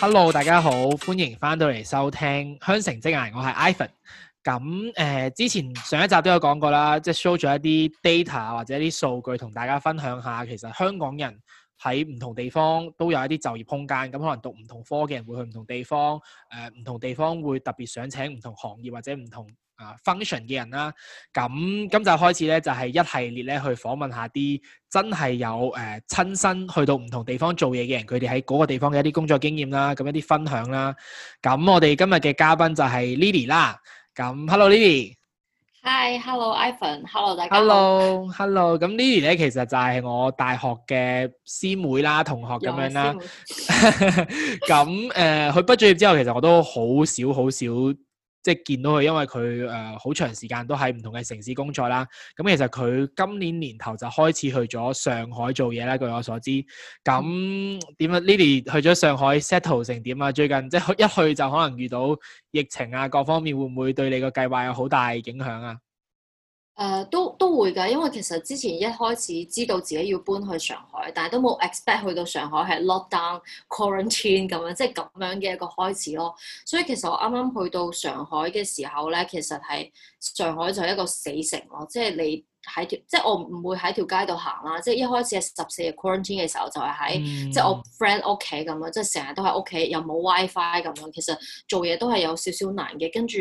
Hello，大家好，歡迎翻到嚟收聽香城職涯，我係 Ivan。咁誒、呃，之前上一集都有講過啦，即係 show 咗一啲 data 或者一啲數據同大家分享下，其實香港人喺唔同地方都有一啲就業空間，咁可能讀唔同科嘅人會去唔同地方，誒、呃，唔同地方會特別想請唔同行業或者唔同。啊，Function 嘅人啦，咁今集就開始咧，就係一系列咧，去訪問下啲真係有誒親身去到唔同地方做嘢嘅人，佢哋喺嗰個地方嘅一啲工作經驗啦，咁一啲分享啦。咁我哋今日嘅嘉賓就係 Lily 啦。咁 Hello Lily，Hi，Hello Ivan，Hello 大家。Hello，Hello，咁 Lily 咧其實就係我大學嘅師妹啦，同學咁樣啦。咁誒，佢畢咗業之後，其實我都好少，好少。即係見到佢，因為佢誒好長時間都喺唔同嘅城市工作啦。咁、嗯、其實佢今年年頭就開始去咗上海做嘢啦。據我所知，咁點啊？Lily 去咗上海 settle 成點啊？最近即係一去就可能遇到疫情啊，各方面會唔會對你個計劃有好大影響啊？誒、uh, 都都會㗎，因為其實之前一開始知道自己要搬去上海，但係都冇 expect 去到上海係 lockdown quarantine 咁樣，即係咁樣嘅一個開始咯。所以其實我啱啱去到上海嘅時候咧，其實係上海就係一個死城咯，即係你喺條即係我唔會喺條街度行啦。即係一開始係十四日 quarantine 嘅時候，就係、是、喺、嗯、即係我 friend 屋企咁樣，即係成日都喺屋企，又冇 WiFi 咁樣，其實做嘢都係有少少難嘅。跟住。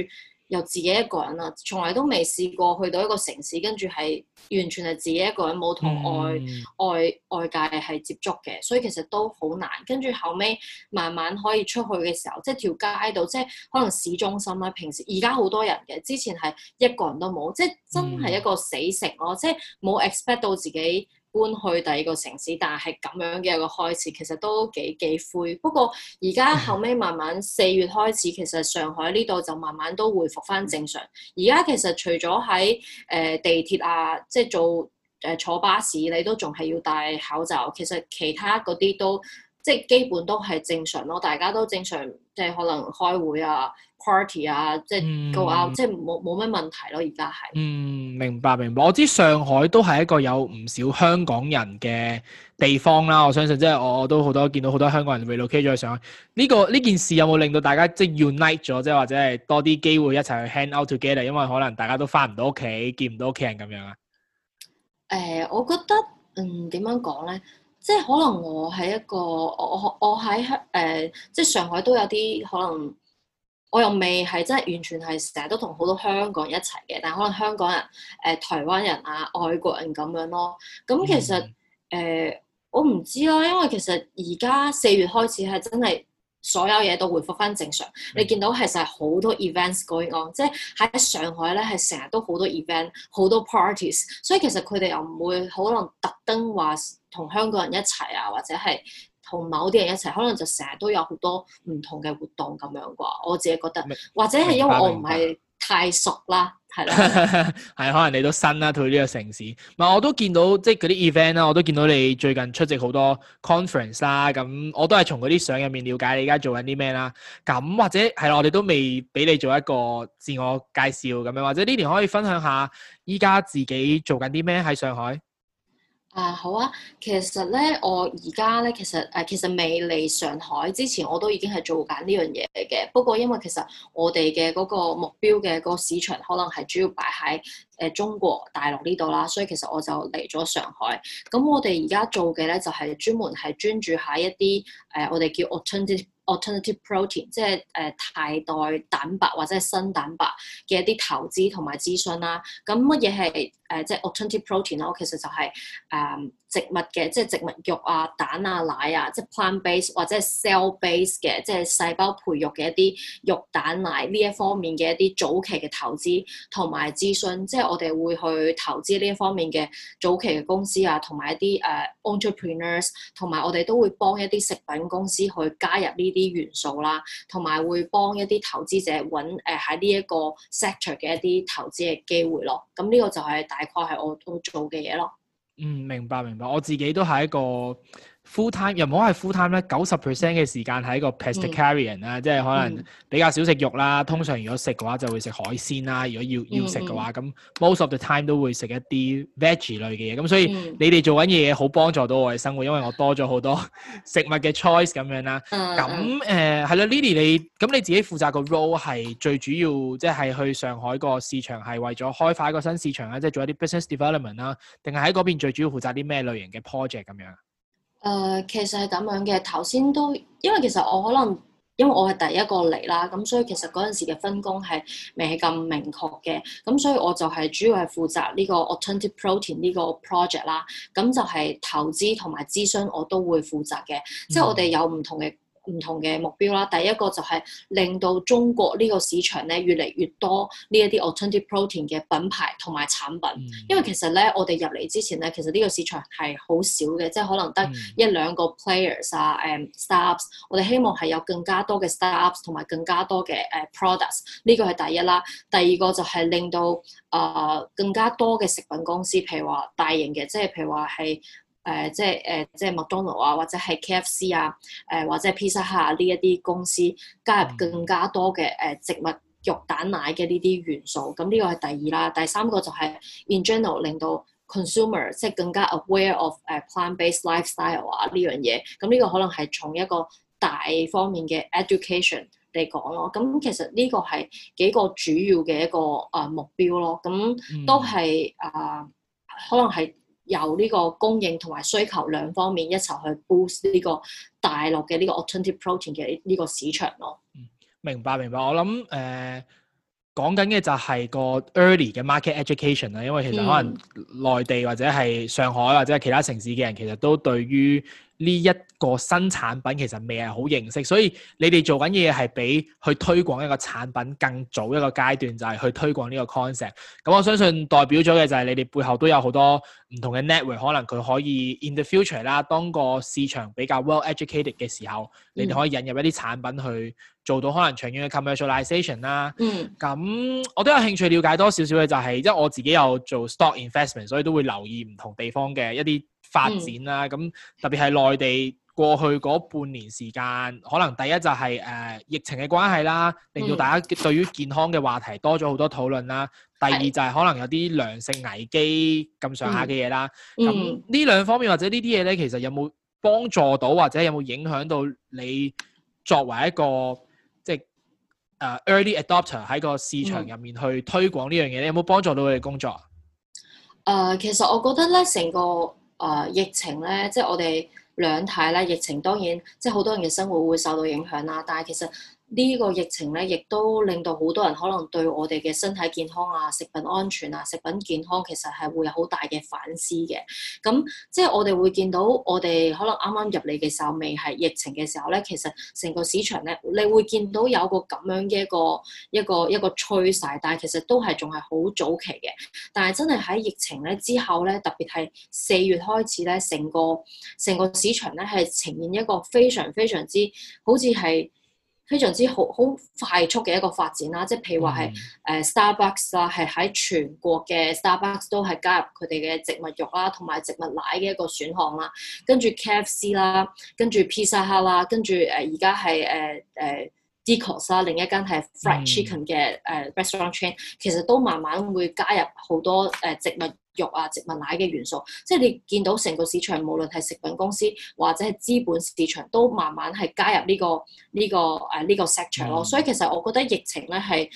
又自己一個人啦，從來都未試過去到一個城市，跟住係完全係自己一個人，冇同外、嗯、外外界係接觸嘅，所以其實都好難。跟住後尾慢慢可以出去嘅時候，即係條街度，即係可能市中心啦。平時而家好多人嘅，之前係一個人都冇，即係真係一個死城咯，嗯、即係冇 expect 到自己搬去第二個城市，但係咁樣嘅一個開始，其實都幾幾灰。不過而家後尾慢慢四月開始，其實上海呢度就慢慢都恢復返正常。而家其實除咗喺誒地鐵啊、即係做、誒、呃、坐巴士，你都仲係要戴口罩。其實其他嗰啲都。即係基本都係正常咯，大家都正常，即係可能開會啊、party 啊，嗯、即係 go out，即係冇冇咩問題咯、啊。而家係嗯，明白明白。我知上海都係一個有唔少香港人嘅地方啦。我相信即係我，我都好多見到好多香港人 relocate 咗去上海。呢、這個呢件事有冇令到大家即係 unite 咗，即係或者係多啲機會一齊去 hang out together？因為可能大家都翻唔到屋企，見唔到屋企人咁樣啊。誒、呃，我覺得嗯點樣講咧？即係可能我係一個，我我我喺香誒，即係上海都有啲可能，我又未係真係完全係成日都同好多香港人一齊嘅，但係可能香港人、誒、呃、台灣人啊、外國人咁樣咯。咁其實誒、呃，我唔知咯，因為其實而家四月開始係真係。所有嘢都回復翻正常，白你見到其實係好多 events going on，即係喺上海咧係成日都好多 event，好多 parties，所以其實佢哋又唔會可能特登話同香港人一齊啊，或者係同某啲人一齊，可能就成日都有好多唔同嘅活動咁樣啩，我自己覺得，白或者係因為我唔係。太熟啦，係啦，係 可能你都新啦對呢個城市。唔我都見到即係嗰啲 event 啦，我都見到你最近出席好多 conference 啦。咁我都係從嗰啲相入面了解你而家做緊啲咩啦。咁或者係啦，我哋都未俾你做一個自我介紹咁樣，或者呢年可以分享下依家自己做緊啲咩喺上海。啊，好啊，其實咧，我而家咧，其實誒、啊，其實未嚟上海之前，我都已經係做緊呢樣嘢嘅。不過因為其實我哋嘅嗰個目標嘅個市場，可能係主要擺喺誒中國大陸呢度啦，所以其實我就嚟咗上海。咁我哋而家做嘅咧就係專門係專注下一啲誒、呃，我哋叫 alternative alternative protein，即係誒替代蛋白或者係新蛋白嘅一啲投資同埋諮詢啦。咁乜嘢係誒即係 alternative protein 咧？其實就係、是、誒。呃植物嘅即係植物肉啊、蛋啊、奶啊，即係 plant based 或者係 cell based 嘅，即係細胞培育嘅一啲肉蛋奶呢一方面嘅一啲早期嘅投資同埋諮詢，即係我哋會去投資呢一方面嘅早期嘅公司啊，同埋一啲誒 entrepreneurs，同埋我哋都會幫一啲食品公司去加入呢啲元素啦，同埋會幫一啲投資者揾誒喺呢一個 sector 嘅一啲投資嘅機會咯。咁呢個就係大概係我都做嘅嘢咯。嗯，明白明白，我自己都係一個。Full time 又唔好係 full time 咧，九十 percent 嘅時間係一個 pescatarian 啦、嗯，即係可能比較少食肉啦。通常如果食嘅話，就會食海鮮啦。如果要要食嘅話，咁、嗯、most of the time 都會食一啲 veggie 類嘅嘢。咁、嗯、所以你哋做緊嘢好幫助到我嘅生活，因為我多咗好多食物嘅 choice 咁樣啦。咁誒係啦，Lily 你咁你自己負責個 role 係最主要，即、就、係、是、去上海個市場係為咗開發一個新市場啦，即、就、係、是、做一啲 business development 啦，定係喺嗰邊最主要負責啲咩類型嘅 project 咁樣？誒、呃，其實係咁樣嘅。頭先都因為其實我可能因為我係第一個嚟啦，咁所以其實嗰陣時嘅分工係未係咁明確嘅，咁所以我就係主要係負責呢個 alternative protein 呢個 project 啦。咁就係投資同埋諮詢我都會負責嘅，嗯、即係我哋有唔同嘅。唔同嘅目標啦，第一個就係令到中國呢個市場咧越嚟越多呢一啲 alternative protein 嘅品牌同埋產品，嗯、因為其實咧我哋入嚟之前咧，其實呢個市場係好少嘅，即係可能得一、嗯、兩個 players 啊，誒 startups。我哋希望係有更加多嘅 startups 同埋更加多嘅誒 products。呢個係第一啦，第二個就係令到誒、呃、更加多嘅食品公司，譬如話大型嘅，即係譬如話係。誒、 呃、即係誒即係麥當勞啊，或者係 KFC 啊，誒、呃、或者係 Pizza Hut 呢一啲公司加入更加多嘅誒植物肉蛋奶嘅呢啲元素，咁呢個係第二啦。第三個就係 in general 令到 consumer 即係更加 aware of 誒 plant based lifestyle 啊呢樣嘢，咁、嗯、呢、嗯、個可能係從一個大方面嘅 education 嚟講咯。咁其實呢個係幾個主要嘅一個啊目標咯，咁都係啊、呃、可能係。由呢個供應同埋需求兩方面，一齊去 boost 呢個大陸嘅呢個 alternative protein 嘅呢個市場咯。嗯，明白明白。我諗誒講緊嘅就係個 early 嘅 market education 啦，因為其實可能內地或者係上海或者係其他城市嘅人其實都對於呢一個新產品其實未係好認識，所以你哋做緊嘢係比去推廣一個產品更早一個階段，就係去推廣呢個 concept。咁我相信代表咗嘅就係你哋背後都有好多唔同嘅 network，可能佢可以 in the future 啦。當個市場比較 well educated 嘅時候，嗯、你哋可以引入一啲產品去做到可能長遠嘅 commercialization 啦。嗯。咁我都有興趣了解多少少嘅，就係因為我自己有做 stock investment，所以都會留意唔同地方嘅一啲。發展啦，咁、嗯、特別係內地過去嗰半年時間，可能第一就係、是、誒、呃、疫情嘅關係啦，令到大家對於健康嘅話題多咗好多討論啦。第二就係可能有啲糧食危機咁上下嘅嘢啦。咁呢、嗯嗯、兩方面或者呢啲嘢咧，其實有冇幫助到或者有冇影響到你作為一個即係誒 early adopter 喺個市場入面去推廣、嗯、呢樣嘢咧？有冇幫助到你工作？誒、呃，其實我覺得咧，成個啊！Uh, 疫情咧，即係我哋兩睇啦。疫情當然，即係好多人嘅生活會受到影響啦。但係其實，呢個疫情咧，亦都令到好多人可能對我哋嘅身體健康啊、食品安全啊、食品健康其實係會有好大嘅反思嘅。咁即係我哋會見到，我哋可能啱啱入嚟嘅時候未係疫情嘅時候咧，其實成個市場咧，你會見到有個咁樣嘅一個一個一個趨勢，但係其實都係仲係好早期嘅。但係真係喺疫情咧之後咧，特別係四月開始咧，成個成個市場咧係呈現一個非常非常之好似係非常之好好快速嘅一個發展啦，即係譬如話係誒 Starbucks 啦，係喺全國嘅 Starbucks 都係加入佢哋嘅植物肉啦，同埋植物奶嘅一個選項啦。跟住 KFC 啦，跟、uh, 住 Pizza Hut、uh, 啦，跟住誒而家係誒誒 Dicos 啦，另一間係 Fried Chicken 嘅誒、mm hmm. uh, Restaurant Chain 其實都慢慢會加入好多誒植物肉啊，植物奶嘅元素，即係你見到成個市場，無論係食品公司或者係資本市場，都慢慢係加入呢個呢個誒呢個 sector 咯。所以其實我覺得疫情咧係。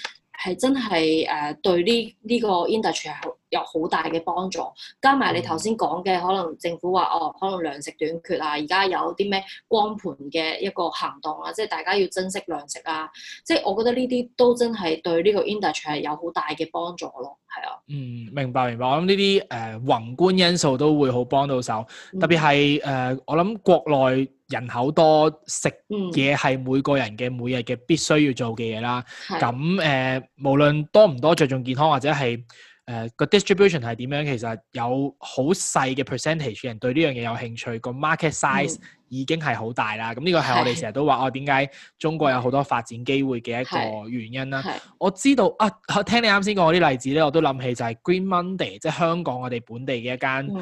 係真係誒對呢呢個 industry 係有好大嘅幫助，加埋你頭先講嘅可能政府話哦，可能糧食短缺啊，而家有啲咩光盤嘅一個行動啊，即係大家要珍惜糧食啊，即係我覺得呢啲都真係對呢個 industry 係有好大嘅幫助咯，係啊，嗯，明白明白，我諗呢啲誒宏觀因素都會好幫到手，特別係誒、呃、我諗國內。人口多，食嘢係每個人嘅每日嘅必須要做嘅嘢啦，咁誒、嗯呃、無論多唔多着重健康或者係。誒個 distribution 係點樣？其實有好細嘅 percentage 嘅人對呢樣嘢有興趣，個 market size 已經係好大啦。咁呢個係我哋成日都話，我點解中國有好多發展機會嘅一個原因啦。我知道啊，聽你啱先講嗰啲例子咧，我都諗起就係 Green Monday，即係香港我哋本地嘅一間誒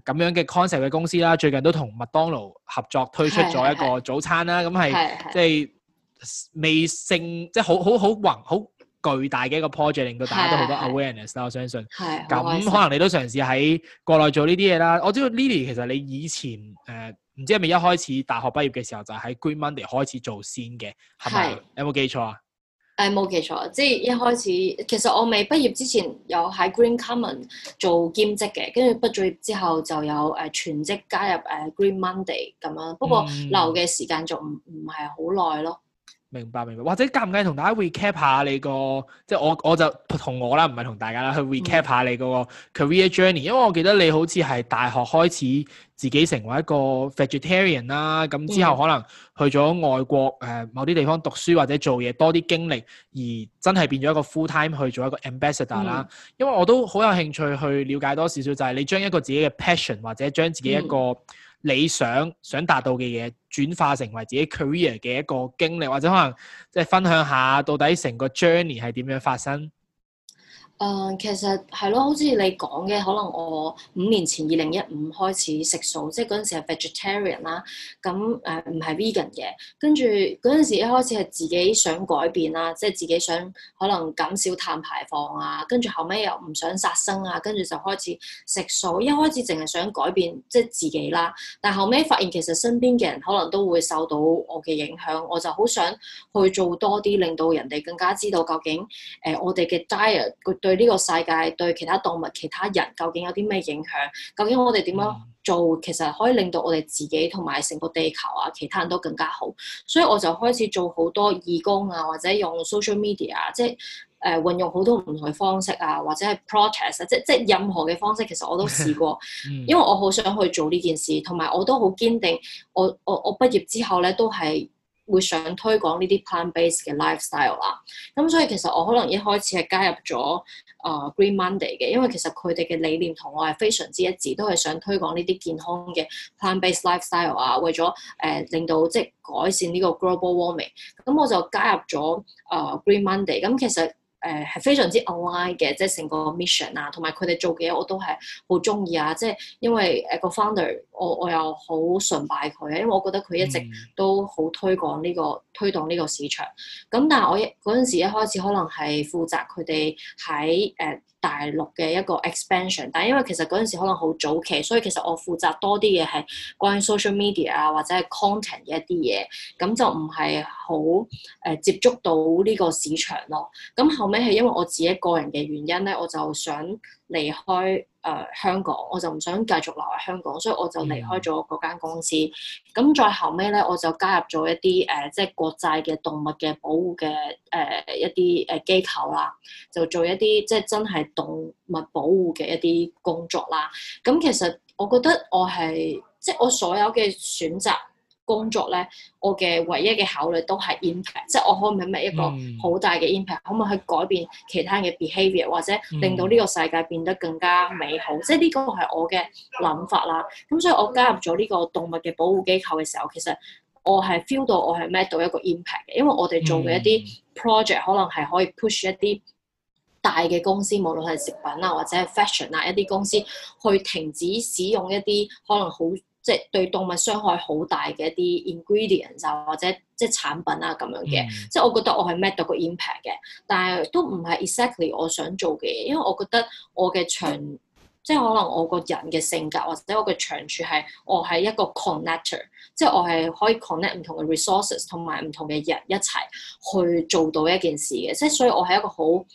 咁樣嘅 concept 嘅公司啦。最近都同麥當勞合作推出咗一個早餐啦。咁係即係未勝，即係好好好橫好。好好好好好好好好巨大嘅一個 project 令到大家都好多 awareness 啦的，我相信。係的。咁那可能你都嘗試喺國內做呢啲嘢啦。我知道 Lily 其實你以前誒唔、呃、知係咪一開始大學畢業嘅時候就喺、是、Green Monday 開始做先嘅，係咪的？有冇記錯啊？誒冇、呃、記錯，即係一開始其實我未畢業之前有喺 Green Common 做兼職嘅，跟住畢咗業之後就有誒全職加入誒 Green Monday 咁樣。不過留嘅時間仲唔唔係好耐咯。嗯。明白明白，或者介唔介意同大家 recap 下你個，即係我我就同我啦，唔係同大家啦，去 recap 下你嗰個 career journey，因為我記得你好似係大學開始自己成為一個 vegetarian 啦，咁之後可能去咗外國誒某啲地方讀書或者做嘢，多啲經歷而真係變咗一個 full time 去做一個 ambassador 啦，因為我都好有興趣去了解多少少，就係你將一個自己嘅 passion 或者將自己一個。你想想達到嘅嘢，轉化成為自己 career 嘅一個經歷，或者可能即係分享下，到底成個 journey 係點樣發生？誒、嗯、其實係咯，好似你講嘅，可能我五年前二零一五開始食素，即係嗰陣時係 vegetarian 啦、啊，咁誒唔係 vegan 嘅。跟住嗰陣時一開始係自己想改變啦，即係自己想可能減少碳排放啊。跟住後尾又唔想殺生啊，跟住就開始食素。一開始淨係想改變即係自己啦，但後尾發現其實身邊嘅人可能都會受到我嘅影響，我就好想去做多啲，令到人哋更加知道究竟誒、呃、我哋嘅 diet 對呢個世界對其他動物、其他人究竟有啲咩影響？究竟我哋點樣做，其實可以令到我哋自己同埋成個地球啊，其他人都更加好。所以我就開始做好多義工啊，或者用 social media、啊、即係誒、呃、運用好多唔同嘅方式啊，或者係 protest、啊、即即任何嘅方式，其實我都試過， 嗯、因為我好想去做呢件事，同埋我都好堅定，我我我畢業之後咧都係會想推廣呢啲 plant-based 嘅 lifestyle 啦，咁所以其實我可能一開始係加入咗啊、uh, Green Monday 嘅，因為其實佢哋嘅理念同我係非常之一致，都係想推廣呢啲健康嘅 plant-based lifestyle 啊，為咗誒令到即係、就是、改善呢個 global warming，咁我就加入咗啊、uh, Green Monday，咁其實。誒係、呃、非常之 online 嘅，即係成個 mission 啊，同埋佢哋做嘅嘢我都係好中意啊！即係因為誒個 founder，我我又好崇拜佢，因為我覺得佢一直都好推廣呢、呢個、嗯、推動呢個市場。咁但係我嗰陣時一開始可能係負責佢哋喺。誒、呃。大陸嘅一個 expansion，但係因為其實嗰陣時可能好早期，所以其實我負責多啲嘢係關於 social media 啊或者係 content 嘅一啲嘢，咁就唔係好誒接觸到呢個市場咯。咁後尾係因為我自己個人嘅原因咧，我就想離開。誒、呃、香港，我就唔想繼續留喺香港，所以我就離開咗嗰間公司。咁再後尾咧，我就加入咗一啲誒、呃，即係國際嘅動物嘅保護嘅誒、呃、一啲誒機構啦，就做一啲即係真係動物保護嘅一啲工作啦。咁其實我覺得我係即係我所有嘅選擇。工作咧，我嘅唯一嘅考慮都係 impact，即係我可唔可以係一個好大嘅 impact，、嗯、可唔可以去改變其他嘅 behavior 或者令到呢個世界變得更加美好？嗯、即係呢個係我嘅諗法啦。咁所以我加入咗呢個動物嘅保護機構嘅時候，其實我係 feel 到我係孭到一個 impact 嘅，因為我哋做嘅一啲 project、嗯、可能係可以 push 一啲大嘅公司，無論係食品啊或者係 fashion 啊一啲公司去停止使用一啲可能好。即係對動物傷害好大嘅一啲 ingredients 啊，或者即係產品啊咁樣嘅，mm hmm. 即係我覺得我係 make 到個 impact 嘅，但係都唔係 exactly 我想做嘅嘢，因為我覺得我嘅長，mm hmm. 即係可能我個人嘅性格或者我嘅長處係我係一個 connector，mm hmm. 即係我係可以 connect 唔同嘅 resources 同埋唔同嘅人一齊去做到一件事嘅，即係所以我係一個好誒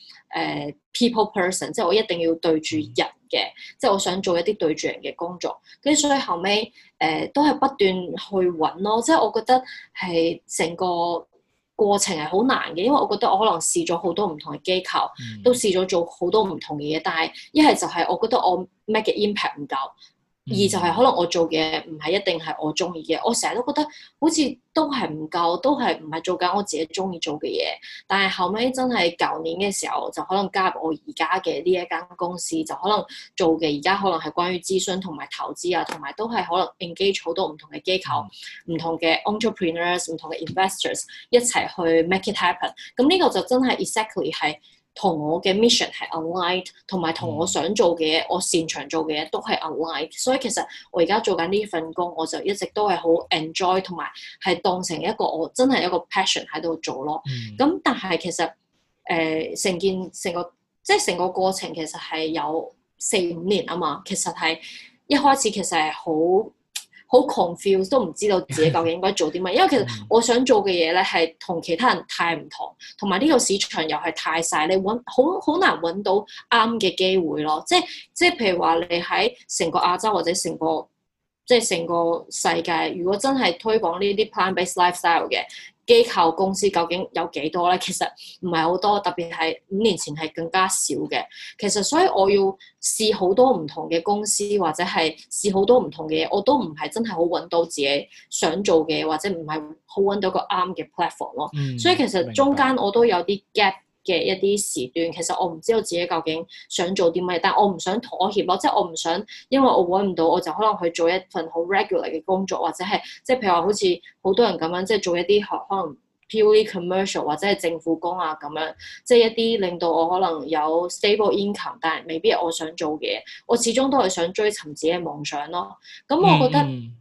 people person，mm hmm. 即係我一定要對住人。嘅，即係我想做一啲對住人嘅工作，跟住所以後尾誒、呃、都係不斷去揾咯，即、就、係、是、我覺得係成個過程係好難嘅，因為我覺得我可能試咗好多唔同嘅機構，都試咗做好多唔同嘅嘢，但係一係就係我覺得我 make 嘅 impact 唔夠。二就係可能我做嘅唔係一定係我中意嘅，我成日都覺得好似都係唔夠，都係唔係做緊我自己中意做嘅嘢。但係後尾真係舊年嘅時候就可能加入我而家嘅呢一間公司，就可能做嘅而家可能係關於諮詢同埋投資啊，同埋都係可能 engage 好多唔同嘅機構、唔同嘅 entrepreneurs、唔同嘅 investors 一齊去 make it happen。咁呢個就真係 exactly 係。同我嘅 mission 係 a l i g n e 同埋同我想做嘅嘢，嗯、我擅長做嘅嘢都係 a l i g n e，所以其實我而家做緊呢份工，我就一直都係好 enjoy，同埋係當成一個我真係一個 passion 喺度做咯。咁、嗯、但係其實誒成、呃、件成個即係成個過程其實係有四五年啊嘛。其實係一開始其實係好。好 confused 都唔知道自己究竟應該做啲乜，因為其實我想做嘅嘢咧，係同其他人太唔同，同埋呢個市場又係太細，你揾好好難揾到啱嘅機會咯。即係即係譬如話，你喺成個亞洲或者成個即係成個世界，如果真係推廣呢啲 plant-based lifestyle 嘅機構公司究竟有幾多咧？其實唔係好多，特別係五年前係更加少嘅。其實所以我要試好多唔同嘅公司，或者係試好多唔同嘅嘢，我都唔係真係好揾到自己想做嘅，或者唔係好揾到個啱嘅 platform 咯。嗯，所以其實中間我都有啲 gap。嘅一啲時段，其實我唔知道自己究竟想做啲乜嘢，但我唔想妥協咯，即係我唔想，因為我揾唔到，我就可能去做一份好 regular 嘅工作，或者係即係譬如話好似好多人咁樣，即係做一啲學可能 P O E commercial 或者係政府工啊咁樣，即係一啲令到我可能有 stable income，但係未必我想做嘅嘢，我始終都係想追尋自己嘅夢想咯。咁我覺得。嗯嗯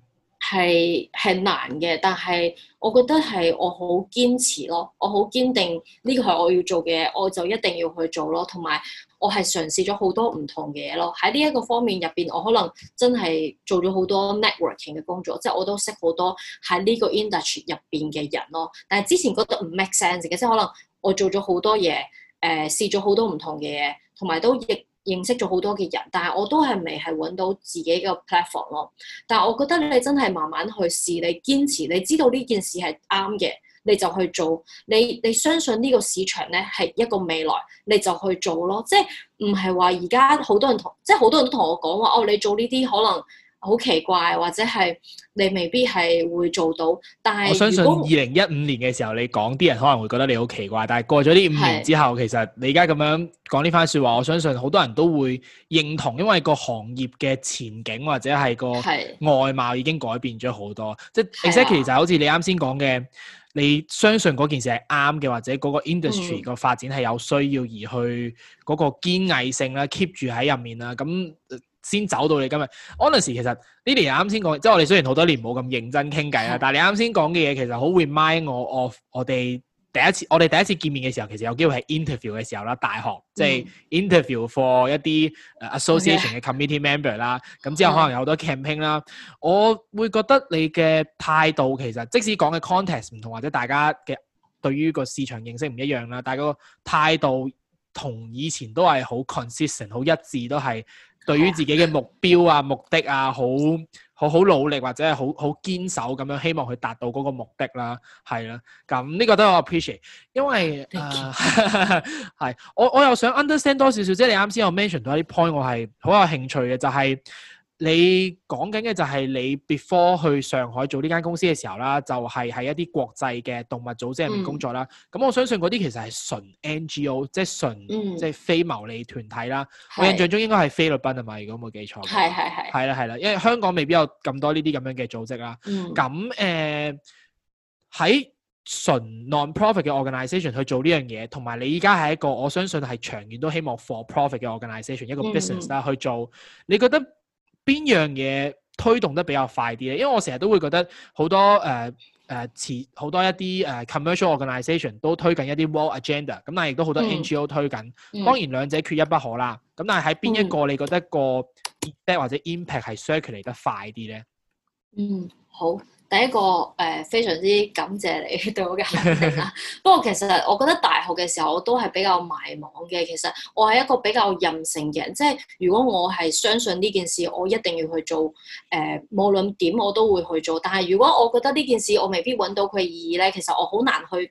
係係難嘅，但係我覺得係我好堅持咯，我好堅定呢個係我要做嘅嘢，我就一定要去做咯。同埋我係嘗試咗好多唔同嘅嘢咯。喺呢一個方面入邊，我可能真係做咗好多 networking 嘅工作，即係我都識好多喺呢個 industry 入邊嘅人咯。但係之前覺得唔 make sense 嘅，即係可能我做咗好多嘢，誒、呃、試咗好多唔同嘅嘢，同埋都亦。認識咗好多嘅人，但係我都係未係揾到自己一個 platform 咯。但係我覺得你真係慢慢去試，你堅持，你知道呢件事係啱嘅，你就去做。你你相信呢個市場咧係一個未來，你就去做咯。即係唔係話而家好多人同，即係好多人都同我講話哦，你做呢啲可能。好奇怪，或者係你未必係會做到，但係我相信二零一五年嘅時候，你講啲人可能會覺得你好奇怪，但係過咗呢五年之後，是的 其實你而家咁樣講呢番說話，我相信好多人都會認同，因為個行業嘅前景或者係個外貌已經改變咗好多。是的 即係 exactly 就好似你啱先講嘅，你相信嗰件事係啱嘅，或者嗰個 industry 個、嗯、發展係有需要而去嗰、嗰個堅毅性啦，keep 住喺入面啦，咁。先走到你今日。honestly 其實 Lily 啱先講，即係我哋雖然好多年冇咁認真傾偈啦，嗯、但係你啱先講嘅嘢其實好 remind 我 of 我哋第一次我哋第一次見面嘅時候，其實有機會係 interview 嘅時候啦，大學即係、嗯、interview for、嗯、一啲 association 嘅 committee member 啦，咁之後可能有好多 campaign 啦、嗯。我會覺得你嘅態度其實即使講嘅 context 唔同，或者大家嘅對於個市場認識唔一樣啦，但係個態度同以前都係好 consistent 好一致，都係。對於自己嘅目標啊、目的啊，好好好努力或者係好好堅守咁樣，希望去達到嗰個目的啦，係啦。咁呢、這個都係我 appreciate，因為係 Thank you. 我我又想 understand 多少少，即係你啱先有 mention 到一啲 point，我係好有興趣嘅，就係、是。你講緊嘅就係你 before 去上海做呢間公司嘅時候啦，就係、是、喺一啲國際嘅動物組織入面工作啦。咁、嗯、我相信嗰啲其實係純 NGO，即係純、嗯、即係非牟利團體啦。是我印象中應該係菲律賓係咪？如果冇記錯。係係係。係啦係啦，因為香港未必有咁多呢啲咁樣嘅組織啦。咁誒喺純 non-profit 嘅 organisation 去做呢樣嘢，同埋你而家係一個我相信係長遠都希望 for profit 嘅 organisation 一個 business 啦、嗯、去做，你覺得？邊樣嘢推動得比較快啲咧？因為我成日都會覺得好多誒誒，持、呃、好、呃、多一啲誒 commercial organisation 都推緊一啲 world agenda，咁但係亦都好多 NGO 推緊。嗯、當然兩者缺一不可啦。咁、嗯、但係喺邊一個你覺得個 effect 或者 impact 係 circulate 得快啲咧？嗯，好。第一個誒、呃、非常之感謝你對我嘅肯定啦。 不過其實我覺得大學嘅時候我都係比較迷茫嘅。其實我係一個比較任性嘅人，即係如果我係相信呢件事，我一定要去做。誒、呃、無論點我都會去做。但係如果我覺得呢件事我未必揾到佢意義咧，其實我好難去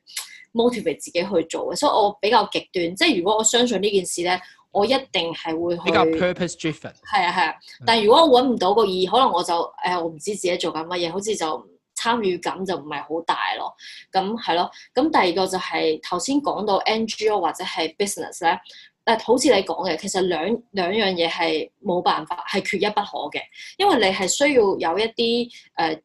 motivate 自己去做嘅。所以我比較極端，即係如果我相信呢件事咧，我一定係會去比較 purpose driven。係啊係啊，但係如果我揾唔到個意義，可能我就誒、哎、我唔知自己做緊乜嘢，好似就參與感就唔係好大咯。咁係咯，咁第二個就係頭先講到 NGO 或者係 business 咧、呃，誒好似你講嘅，其實兩兩樣嘢係冇辦法係缺一不可嘅，因為你係需要有一啲誒。呃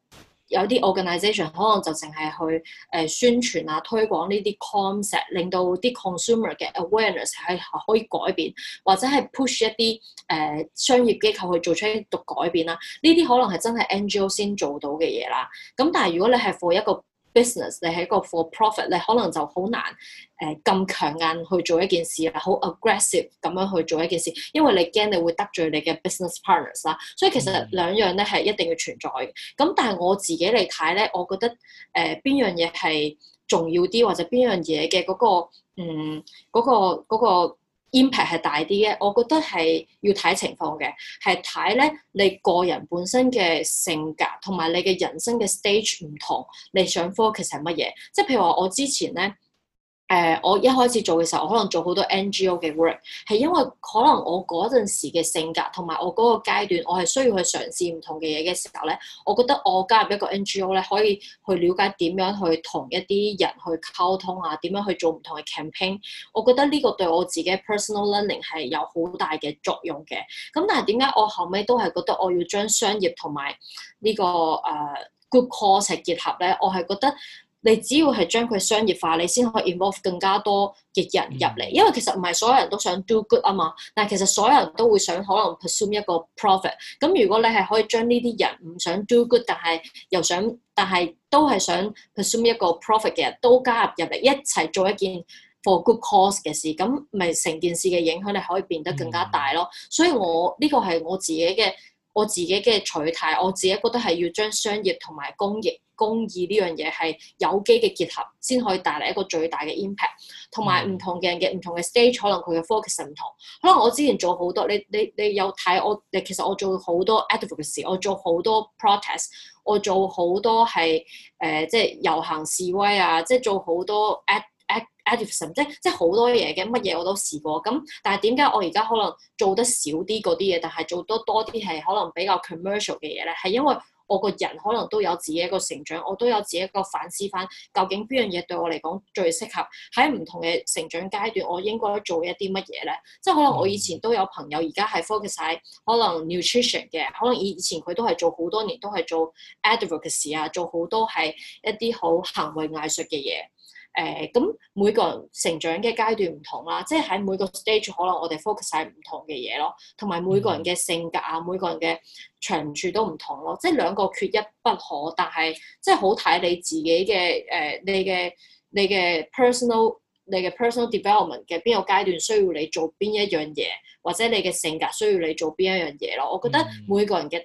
有啲 organisation 可能就淨係去誒、呃、宣傳啊、推廣呢啲 concept，令到啲 consumer 嘅 awareness 係可以改變，或者係 push 一啲誒、呃、商業機構去做出一啲改變啦。呢啲可能係真係 NGO 先做到嘅嘢啦。咁但係如果你係做一個 Business 你係一個 for profit，你可能就好難誒咁、呃、強硬去做一件事啊，好 aggressive 咁樣去做一件事，因為你驚你會得罪你嘅 business partners 啦。所以其實兩樣咧係一定要存在嘅。咁但係我自己嚟睇咧，我覺得誒邊樣嘢係重要啲，或者邊樣嘢嘅嗰個嗯嗰個嗰個，嗯嗰個嗰個 impact 係大啲嘅，我覺得係要睇情況嘅，係睇咧你個人本身嘅性格同埋你嘅人生嘅 stage 唔同，你想 focus 係乜嘢？即係譬如話我之前咧。誒，uh, 我一開始做嘅時候，可能做好多 NGO 嘅 work，係因為可能我嗰陣時嘅性格同埋我嗰個階段，我係需要去嘗試唔同嘅嘢嘅時候咧，我覺得我加入一個 NGO 咧，可以去了解點樣去同一啲人去溝通啊，點樣去做唔同嘅 campaign，我覺得呢個對我自己 personal learning 係有好大嘅作用嘅。咁但係點解我後尾都係覺得我要將商業同埋呢個誒、uh, good cause 結合咧？我係覺得。你只要係將佢商業化，你先可以 involve 更加多嘅人入嚟，因為其實唔係所有人都想 do good 啊嘛，但係其實所有人都會想可能 assume 一個 profit。咁如果你係可以將呢啲人唔想 do good，但係又想，但係都係想 assume 一個 profit 嘅人都加入入嚟一齊做一件 for good cause 嘅事，咁咪成件事嘅影響力可以變得更加大咯。嗯、所以我呢、呢個係我自己嘅我自己嘅取態，我自己覺得係要將商業同埋公益。公義呢樣嘢係有機嘅結合，先可以帶嚟一個最大嘅 impact。同埋唔、嗯、同嘅人嘅唔同嘅 stage，可能佢嘅 focus 唔同。可能我之前做好多，你你你有睇我？誒，其實我做好多 advocacy，我做好多 protest，我做好多係誒、呃，即係遊行示威啊，即係做好多 ad ad advocacy 即即好多嘢嘅乜嘢我都試過。咁但係點解我而家可能做得少啲嗰啲嘢，但係做得多啲係可能比較 commercial 嘅嘢咧？係因為我個人可能都有自己一個成長，我都有自己一個反思翻，究竟邊樣嘢對我嚟講最適合？喺唔同嘅成長階段，我應該做一啲乜嘢咧？即係可能我以前都有朋友，而家係 focus 喺可能 nutrition 嘅，可能以以前佢都係做好多年，都係做 advocacy 啊，做好多係一啲好行為藝術嘅嘢。誒咁每個人成長嘅階段唔同啦，即係喺每個 stage 可能我哋 focus 晒唔同嘅嘢咯，同埋每個人嘅性格啊，每個人嘅長處都唔同咯，即係兩個缺一不可，但係即係好睇你自己嘅誒你嘅你嘅 personal 你嘅 personal development 嘅邊個階段需要你做邊一樣嘢，或者你嘅性格需要你做邊一樣嘢咯，我覺得每個人嘅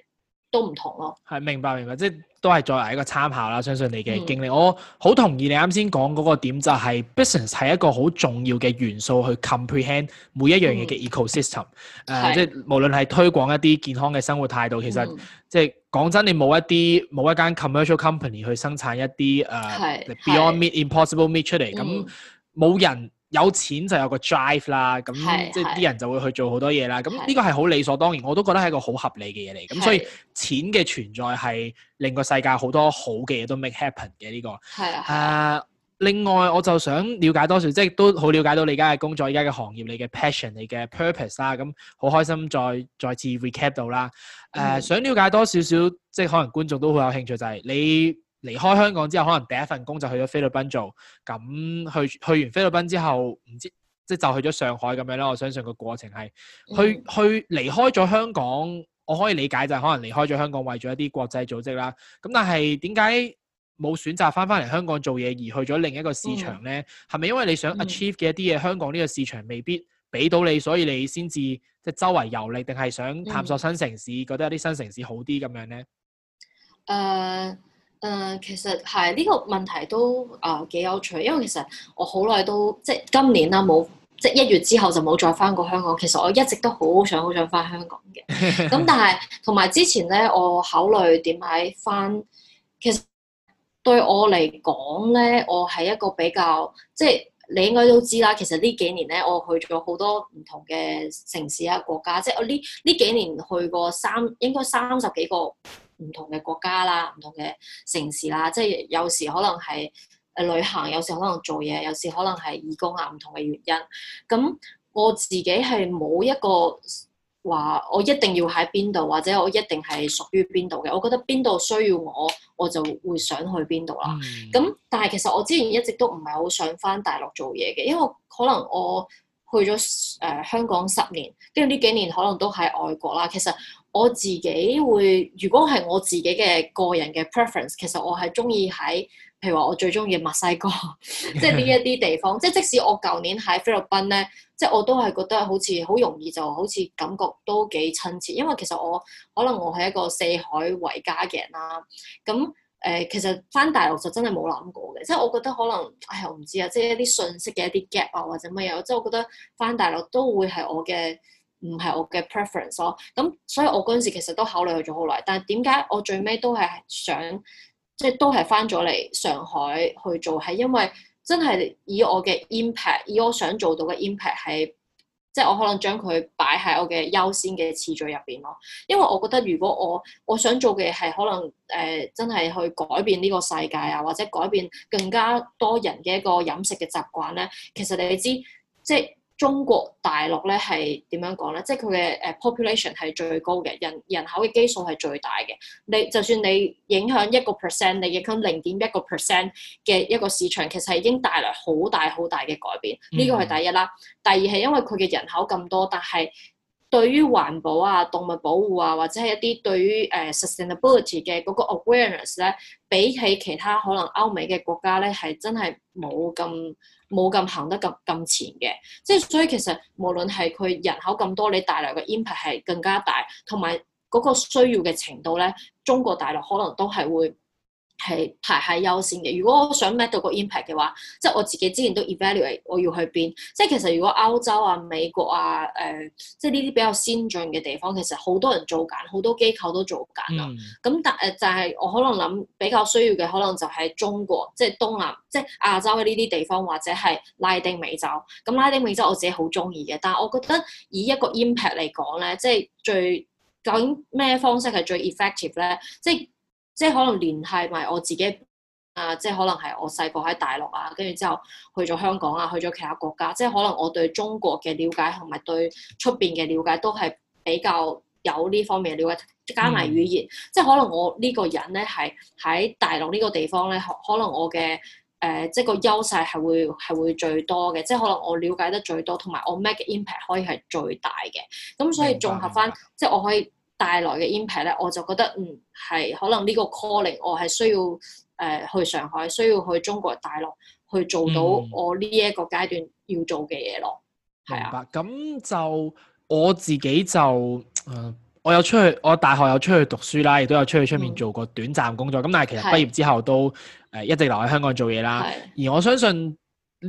都唔同咯，係明白明白，即係都係作為一個參考啦。相信你嘅經歷，我好同意你啱先講嗰個點，就係 business 係一個好重要嘅元素去 comprehend 每一樣嘢嘅 ecosystem。誒，即係無論係推廣一啲健康嘅生活態度，其實即係講真，你冇一啲冇一間 commercial company 去生產一啲誒，Beyond Meat Impossible Meat 出嚟，咁冇人。有錢就有個 drive 啦，咁即係啲人就會去做好多嘢啦。咁呢是個係好理所是當然，我都覺得係一個好合理嘅嘢嚟。咁是所以錢嘅存在係令個世界好多好嘅嘢都 make happen 嘅呢個。係啊的。Uh, 另外我就想了解多少，即、就、係、是、都好了解到你而家嘅工作、而家嘅行業、你嘅 passion、你嘅 purpose 啦。咁好開心再再次 recap 到啦。誒的，uh, 想了解多少少，即、就、係、是、可能觀眾都好有興趣就係、是、你。離開香港之後，可能第一份工就去咗菲律賓做。咁去去完菲律賓之後，唔知即係就、去咗上海咁樣啦。我相信個過程係、嗯、去去離開咗香港，我可以理解就係可能離開咗香港為咗一啲國際組織啦。咁但係點解冇選擇翻翻嚟香港做嘢，而去咗另一個市場咧？係咪、嗯、因為你想 achieve 嘅一啲嘢，嗯、香港呢個市場未必俾到你，所以你先至即係周圍遊歷，定係想探索新城市，嗯、覺得有啲新城市好啲咁樣咧？誒、uh。誒、呃，其實係呢、這個問題都誒幾、呃、有趣，因為其實我好耐都即係今年啦，冇即係一月之後就冇再返過香港。其實我一直都好想好想返香港嘅，咁 但係同埋之前咧，我考慮點解返，其實對我嚟講咧，我係一個比較即係你應該都知啦。其實呢幾年咧，我去咗好多唔同嘅城市啊、國家，即係我呢呢幾年去過三應該三十幾個。唔同嘅國家啦，唔同嘅城市啦，即係有時可能係誒旅行，有時可能做嘢，有時可能係義工啊，唔同嘅原因。咁我自己係冇一個話我一定要喺邊度，或者我一定係屬於邊度嘅。我覺得邊度需要我，我就會想去邊度啦。咁、嗯、但係其實我之前一直都唔係好想返大陸做嘢嘅，因為可能我。去咗誒、呃、香港十年，跟住呢幾年可能都喺外國啦。其實我自己會，如果係我自己嘅個人嘅 preference，其實我係中意喺，譬如話我最中意嘅墨西哥， 即係呢一啲地方。即係即使我舊年喺菲律賓咧，即係我都係覺得好似好容易就，就好似感覺都幾親切。因為其實我可能我係一個四海為家嘅人啦，咁。誒，其實翻大陸就真係冇諗過嘅，即係我覺得可能，誒，我唔知啊，即係一啲信息嘅一啲 gap 啊，或者乜嘢，即係我覺得翻大陸都會係我嘅，唔係我嘅 preference 咯。咁所以我嗰陣時其實都考慮咗好耐，但係點解我最尾都係想，即係都係翻咗嚟上海去做，係因為真係以我嘅 impact，以我想做到嘅 impact 係。即係我可能將佢擺喺我嘅優先嘅次序入邊咯，因為我覺得如果我我想做嘅係可能誒、呃、真係去改變呢個世界啊，或者改變更加多人嘅一個飲食嘅習慣咧，其實你哋知即係。中國大陸咧係點樣講咧？即係佢嘅誒 population 係最高嘅，人人口嘅基數係最大嘅。你就算你影響一個 percent，你影響零點一個 percent 嘅一個市場，其實係已經帶來好大好大嘅改變。呢個係第一啦。第二係因為佢嘅人口咁多，但係。對於環保啊、動物保護啊，或者係一啲對於誒、uh, sustainability 嘅嗰個 awareness 咧，比起其他可能歐美嘅國家咧，係真係冇咁冇咁行得咁咁前嘅。即、就、係、是、所以其實無論係佢人口咁多，你帶來嘅 impact 係更加大，同埋嗰個需要嘅程度咧，中國大陸可能都係會。係排喺優先嘅。如果我想 make 到個 impact 嘅話，即係我自己之前都 evaluate 我要去邊。即係其實如果歐洲啊、美國啊、誒、呃，即係呢啲比較先進嘅地方，其實好多人做緊，好多機構都做緊啊。咁、嗯、但誒就係我可能諗比較需要嘅，可能就係中國，即係東南，即係亞洲嘅呢啲地方，或者係拉丁美洲。咁拉丁美洲我自己好中意嘅，但係我覺得以一個 impact 嚟講咧，即係最究竟咩方式係最 effective 咧，即係。即係可能聯繫埋我自己啊，即係可能係我細個喺大陸啊，跟住之後去咗香港啊，去咗其他國家。即係可能我對中國嘅了解同埋對出邊嘅了解都係比較有呢方面嘅了解，加埋語言。嗯、即係可能我呢個人咧係喺大陸呢個地方咧，可能我嘅誒、呃、即係個優勢係會係會最多嘅。即係可能我了解得最多，同埋我 make 嘅 impact 可以係最大嘅。咁所以綜合翻，白即係我可以。帶來嘅 impact 咧，我就覺得嗯，係可能呢個 calling 我係需要誒、呃、去上海，需要去中國大陸去做到我呢一個階段要做嘅嘢咯。嗯啊、明白。咁就我自己就誒，嗯、我有出去，我大學有出去讀書啦，亦都有出去出面做過短暫工作。咁、嗯、但係其實畢業之後都誒一直留喺香港做嘢啦。是而我相信。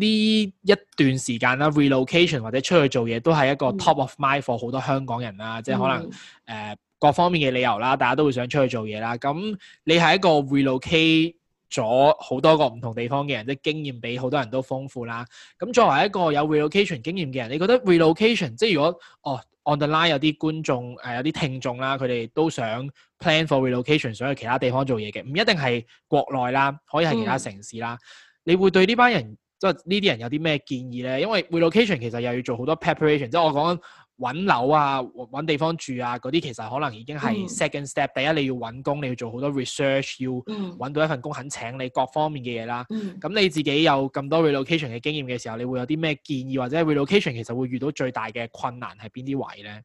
呢一段時間啦，relocation 或者出去做嘢都係一個 top of mind for 好多香港人啦，嗯、即係可能誒、呃、各方面嘅理由啦，大家都會想出去做嘢啦。咁你係一個 relocate 咗好多個唔同地方嘅人，即係經驗比好多人都豐富啦。咁作為一個有 relocation 經驗嘅人，你覺得 relocation 即係如果哦 on the line 有啲觀眾誒、呃、有啲聽眾啦，佢哋都想 plan for relocation，想去其他地方做嘢嘅，唔一定係國內啦，可以係其他城市啦。嗯、你會對呢班人？呢啲人有啲咩建議咧？因為 relocation 其實又要做好多 preparation，即係我講揾樓啊、揾地方住啊嗰啲，其實可能已經係 second step，嗯。第一你要揾工，你要做好多 research，要揾到一份工肯請你，各方面嘅嘢啦。咁、嗯、你自己有咁多 relocation 嘅經驗嘅時候，你會有啲咩建議，或者 relocation 其實會遇到最大嘅困難係邊啲位咧？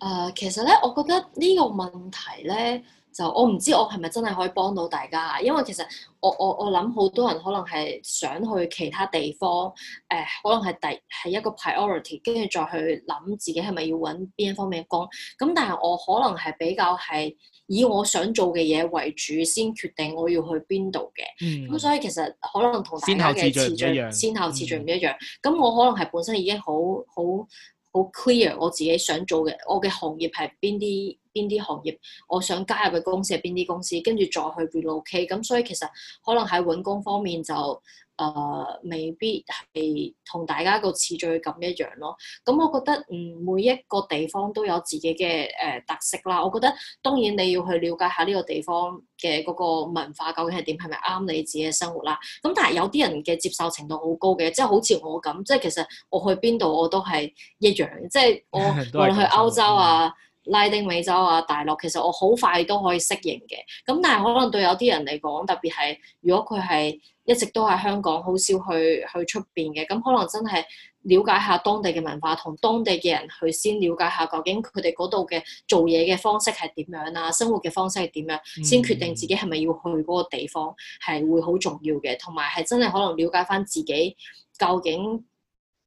誒、呃，其實咧，我覺得呢個問題咧。就我唔知我係咪真係可以幫到大家，因為其實我我我諗好多人可能係想去其他地方，誒、呃、可能係第係一個 priority，跟住再去諗自己係咪要揾邊一方面嘅工。咁但係我可能係比較係以我想做嘅嘢為主，先決定我要去邊度嘅。咁、嗯嗯、所以其實可能同大家嘅次序先後次序唔一樣。咁、嗯嗯嗯、我可能係本身已經好好好 clear 我自己想做嘅，我嘅行業係邊啲。邊啲行業，我想加入嘅公司係邊啲公司，跟住再去 relocate。咁所以其實可能喺揾工方面就誒、呃，未必係同大家個次序咁一樣咯。咁我覺得唔，每一個地方都有自己嘅誒特色啦。我覺得當然你要去了解下呢個地方嘅嗰個文化究竟係點，係咪啱你自己嘅生活啦。咁但係有啲人嘅接受程度高、就是、好高嘅，即係好似我咁，即係其實我去邊度我都係一樣，即、就、係、是、我無論去歐洲啊，啊拉丁美洲啊，大陸其實我好快都可以適應嘅，咁但係可能對有啲人嚟講，特別係如果佢係一直都喺香港，好少去去出邊嘅，咁可能真係了解下當地嘅文化，同當地嘅人去先了解下究竟佢哋嗰度嘅做嘢嘅方式係點樣啊，生活嘅方式係點樣，先、嗯、決定自己係咪要去嗰個地方係會好重要嘅，同埋係真係可能了解返自己究竟。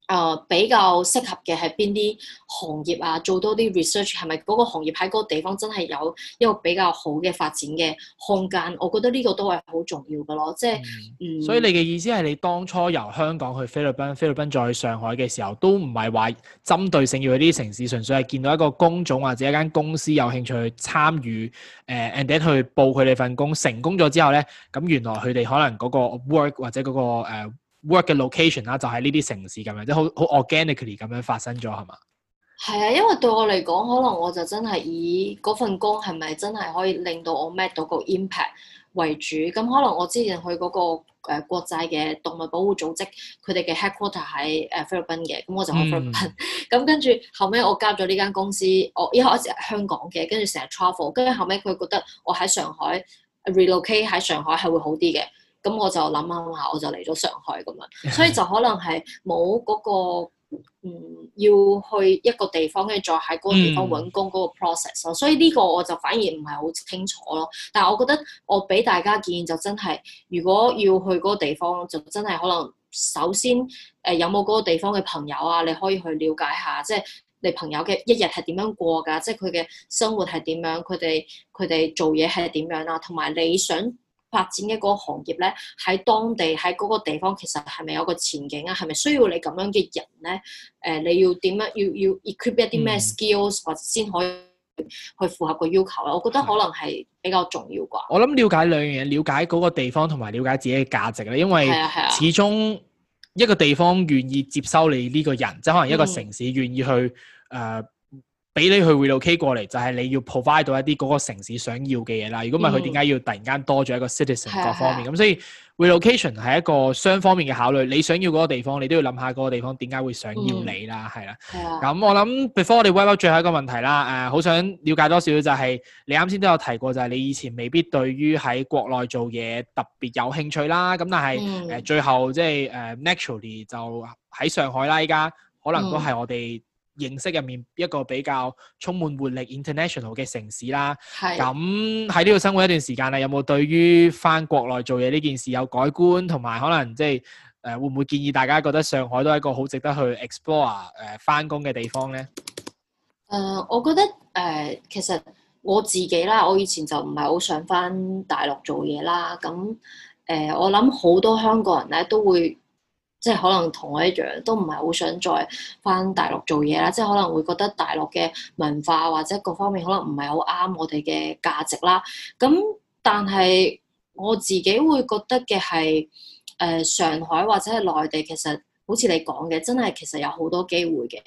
誒、呃、比較適合嘅係邊啲行業啊？做多啲 research，係咪嗰個行業喺嗰個地方真係有一個比較好嘅發展嘅空間？我覺得呢個都係好重要㗎咯，即係嗯。嗯，所以你嘅意思係你當初由香港去菲律賓，菲律賓再去上海嘅時候，都唔係話針對性要去啲城市，純粹係見到一個工種或者一間公司有興趣去參與誒 and 去報佢哋份工，成功咗之後咧，咁原來佢哋可能嗰個 work 或者嗰、嗰個、呃 work 嘅 location 啦，就喺呢啲城市咁樣，即係好好 organically 咁樣發生咗，係嘛？係啊，因為對我嚟講，可能我就真係以嗰份工係咪真係可以令到我 make 到個 impact 為主。咁可能我之前去嗰個誒國際嘅動物保護組織，佢哋嘅 headquarter 喺誒菲律賓嘅，咁我就去菲律賓。咁跟住後尾我加咗呢間公司，我因為我一直香港嘅，跟住成日 travel，跟住後尾佢覺得我喺上海 relocate 喺上海係會好啲嘅。咁我就諗諗下，我就嚟咗上海咁樣，mm hmm. 所以就可能係冇嗰個嗯要去一個地方，跟住再喺嗰個地方揾工嗰個 process 咯。Mm hmm. 所以呢個我就反而唔係好清楚咯。但係我覺得我俾大家建議就真係，如果要去嗰個地方，就真係可能首先誒、呃、有冇嗰個地方嘅朋友啊，你可以去了解下，即係你朋友嘅一日係點樣過㗎？即係佢嘅生活係點樣？佢哋佢哋做嘢係點樣啦，同埋你想，發展嘅嗰個行業咧，喺當地喺嗰個地方其實係咪有個前景啊？係咪需要你咁樣嘅人咧？誒、呃，你要點樣？要要 equip 一啲咩 skills 或者先可以去符合個要求咧？我覺得可能係比較重要啩、嗯。我諗了解兩樣嘢，了解嗰個地方同埋了解自己嘅價值咧，因為、嗯嗯、始終一個地方願意接收你呢個人，即係可能一個城市願意去誒。呃俾你去 relocation 過嚟，就係、是、你要 provide 到一啲嗰個城市想要嘅嘢啦。如果唔係，佢點解要突然間多咗一個 citizen、嗯、各方面咁？的所以 relocation 係、嗯、一個雙方面嘅考慮。你想要嗰個地方，你都要諗下嗰個地方點解會想要你啦，係啦、嗯。咁的我諗，before 我哋 wait wait 最後一個問題啦。誒、呃，好想了解多少少、就是，就係你啱先都有提過、就是，就係你以前未必對於喺國內做嘢特別有興趣啦。咁但係誒，嗯嗯、最後即係誒 naturally 就喺上海啦。依家可能都係我哋、嗯。形式入面一個比較充滿活力 international 嘅城市啦，咁喺呢度生活一段時間咧，有冇對於返國內做嘢呢件事有改觀，同埋可能即係誒、呃、會唔會建議大家覺得上海都係一個好值得去 explore 誒返工嘅地方咧？誒、呃，我覺得誒、呃，其實我自己啦，我以前就唔係好想返大陸做嘢啦，咁誒、呃，我諗好多香港人咧都會。即係可能同我一樣，都唔係好想再返大陸做嘢啦。即係可能會覺得大陸嘅文化或者各方面可能唔係好啱我哋嘅價值啦。咁但係我自己會覺得嘅係誒上海或者係內地，其實好似你講嘅，真係其實有好多機會嘅。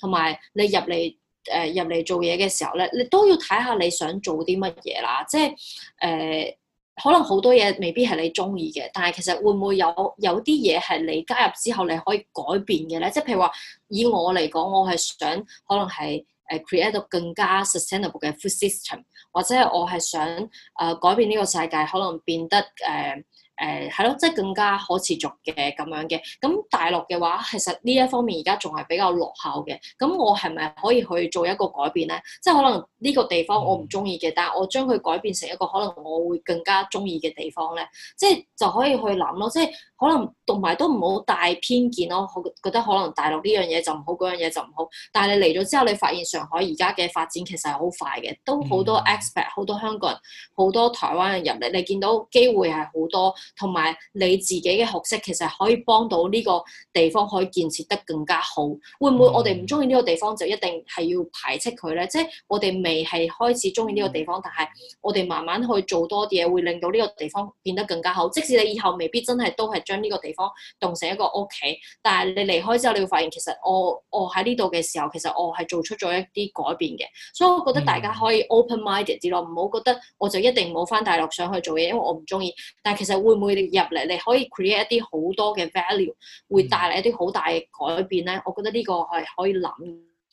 同埋你入嚟誒入嚟做嘢嘅時候咧，你都要睇下你想做啲乜嘢啦。即係誒。呃可能好多嘢未必係你中意嘅，但係其實會唔會有有啲嘢係你加入之後你可以改變嘅咧？即係譬如話，以我嚟講，我係想可能係誒 create 到更加 sustainable 嘅 food system，或者係我係想誒、呃、改變呢個世界，可能變得誒。呃誒係咯，即係更加可持續嘅咁樣嘅。咁大陸嘅話，其實呢一方面而家仲係比較落後嘅。咁我係咪可以去做一個改變咧？即係可能呢個地方我唔中意嘅，但係我將佢改變成一個可能我會更加中意嘅地方咧。即係就可以去諗咯。即係可能同埋都唔好帶偏見咯。我覺得可能大陸呢樣嘢就唔好，嗰樣嘢就唔好。但係你嚟咗之後，你發現上海而家嘅發展其實係好快嘅，都好多 expert，好多香港人，好多台灣人入嚟，你見到機會係好多。同埋你自己嘅學識其實可以幫到呢個地方可以建設得更加好，會唔會我哋唔中意呢個地方就一定係要排斥佢咧？即係我哋未係開始中意呢個地方，但係我哋慢慢去做多啲嘢，會令到呢個地方變得更加好。即使你以後未必真係都係將呢個地方當成一個屋企，但係你離開之後你會發現其實我我喺呢度嘅時候，其實我係做出咗一啲改變嘅。所以我覺得大家可以 open minded 啲咯，唔好覺得我就一定冇返大陸想去做嘢，因為我唔中意。但係其實會唔？會入嚟，你可以 create 一啲好多嘅 value，會帶嚟一啲好大嘅改變咧。我覺得呢個係可以諗，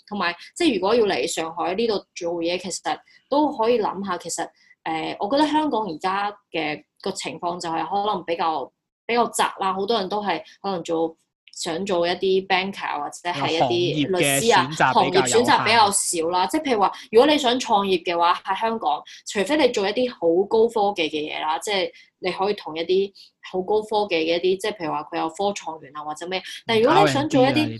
同埋即係如果要嚟上海呢度做嘢，其實都可以諗下。其實誒、呃，我覺得香港而家嘅個情況就係可能比較比較窄啦，好多人都係可能做，想做一啲 banker 或者係一啲律師啊，行業，行業選擇比較少啦。即係譬如話，如果你想創業嘅話，喺香港，除非你做一啲好高科技嘅嘢啦，即係你可以同一啲好高科技嘅一啲，即係譬如話佢有科創園啊或者咩。但係如果你想做一啲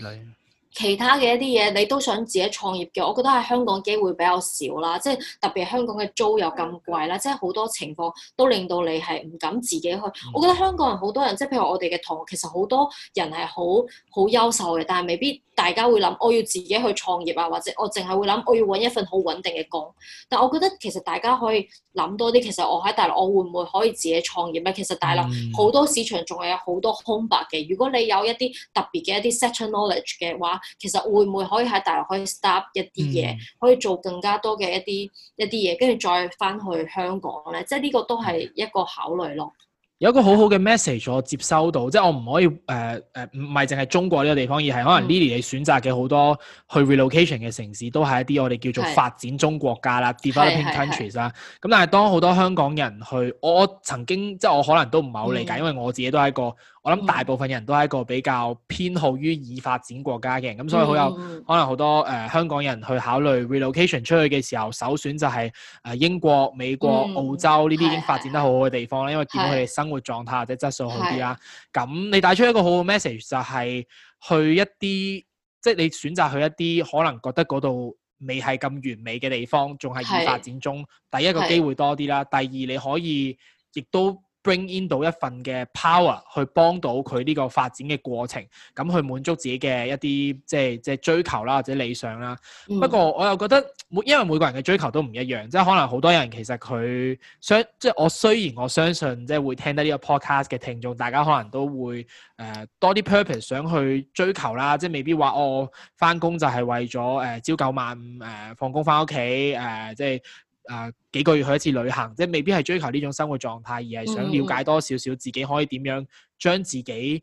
其他嘅一啲嘢，你都想自己創業嘅，我覺得喺香港機會比較少啦，即係特別香港嘅租又咁貴啦，即係好多情況都令到你係唔敢自己去。我覺得香港人好多人，即係譬如我哋嘅同學其實好多人係好好優秀嘅，但係未必大家會諗我要自己去創業啊，或者我淨係會諗我要揾一份好穩定嘅工。但我覺得其實大家可以諗多啲，其實我喺大陸我會唔會可以自己創業咧？其實大陸好多市場仲係有好多空白嘅，如果你有一啲特別嘅一啲 special knowledge 嘅話，其實會唔會可以喺大陸可以 stop 一啲嘢，嗯、可以做更加多嘅一啲一啲嘢，跟住再翻去香港咧，即係呢個都係一個考慮咯。有一個好好嘅 message 我接收到，的即係我唔可以誒誒，唔係淨係中國呢個地方，而係可能 Lily 你選擇嘅好多去 relocation 嘅城市，都係一啲我哋叫做發展中國家啦的，developing countries 啦的。咁但係當好多香港人去，我曾經即係我可能都唔係好理解，嗯、因為我自己都係一個。我諗大部分人都係一個比較偏好於已發展國家嘅人，咁所以好有、嗯、可能好多誒、呃、香港人去考慮 relocation 出去嘅時候，首選就係、是、誒、呃、英國、美國、澳洲呢啲已經發展得好好嘅地方啦，嗯、因為見到佢哋生活狀態或者質素好啲啦。咁你帶出一個好好 message 就係去一啲，即、就、係、是、你選擇去一啲可能覺得嗰度未係咁完美嘅地方，仲係已發展中，第一個機會多啲啦，第二你可以亦都 bring in 到一份嘅 power 去幫到佢呢個發展嘅過程，咁去滿足自己嘅一啲即係即係追求啦，或者理想啦。嗯、不過我又覺得每因為每個人嘅追求都唔一樣，即係可能好多人其實佢想即係我雖然我相信即係會聽得呢個 podcast 嘅聽眾，大家可能都會誒、呃、多啲 purpose 想去追求啦，即係未必話、哦、我翻工就係為咗誒、呃、朝九晚五誒放工翻屋企誒即係。誒、呃，幾個月去一次旅行，即係未必係追求呢種生活狀態，而係想了解多少少自己可以點樣將自己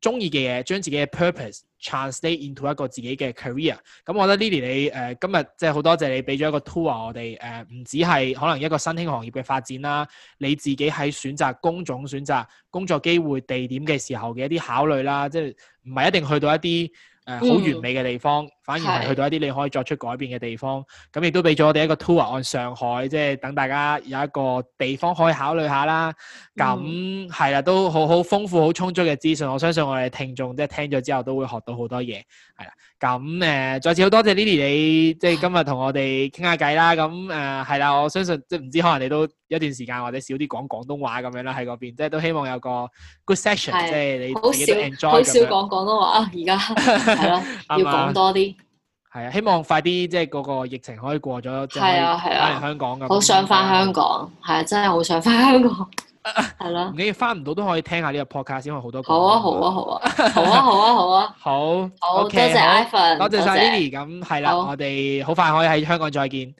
中意嘅嘢，將自己嘅 purpose translate into 一個自己嘅 career、嗯。咁我覺得 Lily 你誒今日即係好多謝你俾咗一個 tour，我哋誒唔止係可能一個新興行業嘅發展啦，你自己喺選擇工種、選擇工作機會、地點嘅時候嘅一啲考慮啦，即係唔係一定去到一啲誒好完美嘅地方。反而係去到一啲你可以作出改變嘅地方，咁亦都俾咗我哋一個 touron 上海，即係等大家有一個地方可以考慮下啦。咁係啦，都好好豐富、好充足嘅資訊，我相信我哋聽眾即係聽咗之後都會學到好多嘢。係啦，咁誒再次好多謝 Lily 你即係今日同我哋傾下偈啦。咁誒係啦，我相信即係唔知可能你都一段時間或者少啲講廣東話咁樣啦喺嗰邊，即係都希望有個 good session，即係你自己 enjoy 咁樣。好少，好少講廣東話啊！而家係咯，要講多啲。係啊，希望快啲即係嗰個疫情可以過咗，即係翻嚟香港噶。好想翻香港，係啊，真係好想翻香港，係咯。唔緊要，翻唔到都可以聽下呢個 podcast，因為好多。好啊，好啊，好啊，好啊，好啊，好啊。好，OK，多謝 Ivan，多謝晒 Lily。咁係啦，我哋好快可以喺香港再見。